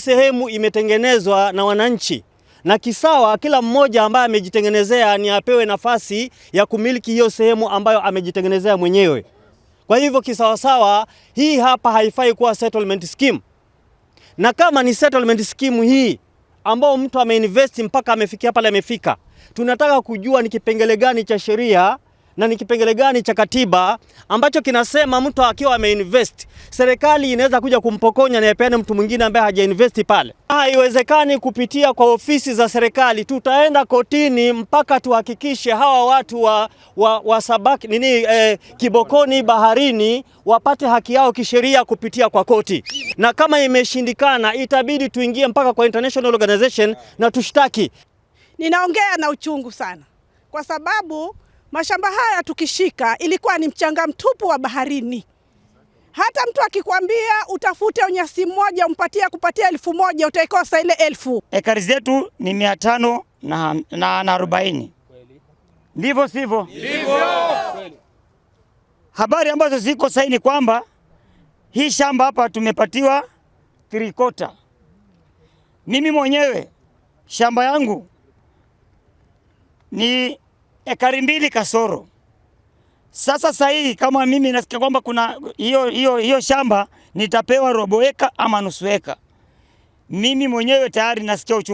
Sehemu imetengenezwa na wananchi na kisawa, kila mmoja ambaye amejitengenezea ni apewe nafasi ya kumiliki hiyo sehemu ambayo amejitengenezea mwenyewe. Kwa hivyo kisawasawa, hii hapa haifai kuwa settlement scheme, na kama ni settlement scheme hii ambao mtu ameinvest mpaka amefikia pale amefika, tunataka kujua ni kipengele gani cha sheria na ni kipengele gani cha katiba ambacho kinasema mtu akiwa ameinvest, serikali inaweza kuja kumpokonya na ipeane mtu mwingine ambaye hajainvest pale? Haiwezekani kupitia kwa ofisi za serikali. Tutaenda kotini mpaka tuhakikishe hawa watu wa, wa, wa sabaki nini eh, kibokoni baharini wapate haki yao kisheria kupitia kwa koti, na kama imeshindikana itabidi tuingie mpaka kwa international organization na tushtaki. Ninaongea na uchungu sana kwa sababu Mashamba haya tukishika, ilikuwa ni mchanga mtupu wa baharini. Hata mtu akikwambia utafute unyasi mmoja umpatie kupatia elfu moja utaikosa ile elfu. Ekari zetu ni mia tano na, na, na arobaini. Ndivyo sivyo? Ndivyo. Habari ambazo ziko sahihi ni kwamba hii shamba hapa tumepatiwa trikota. Mimi mwenyewe shamba yangu ni ekari mbili kasoro. Sasa sahihi kama mimi nasikia kwamba kuna hiyo hiyo hiyo shamba nitapewa robo eka ama nusu eka, mimi mwenyewe tayari nasikia uchungu.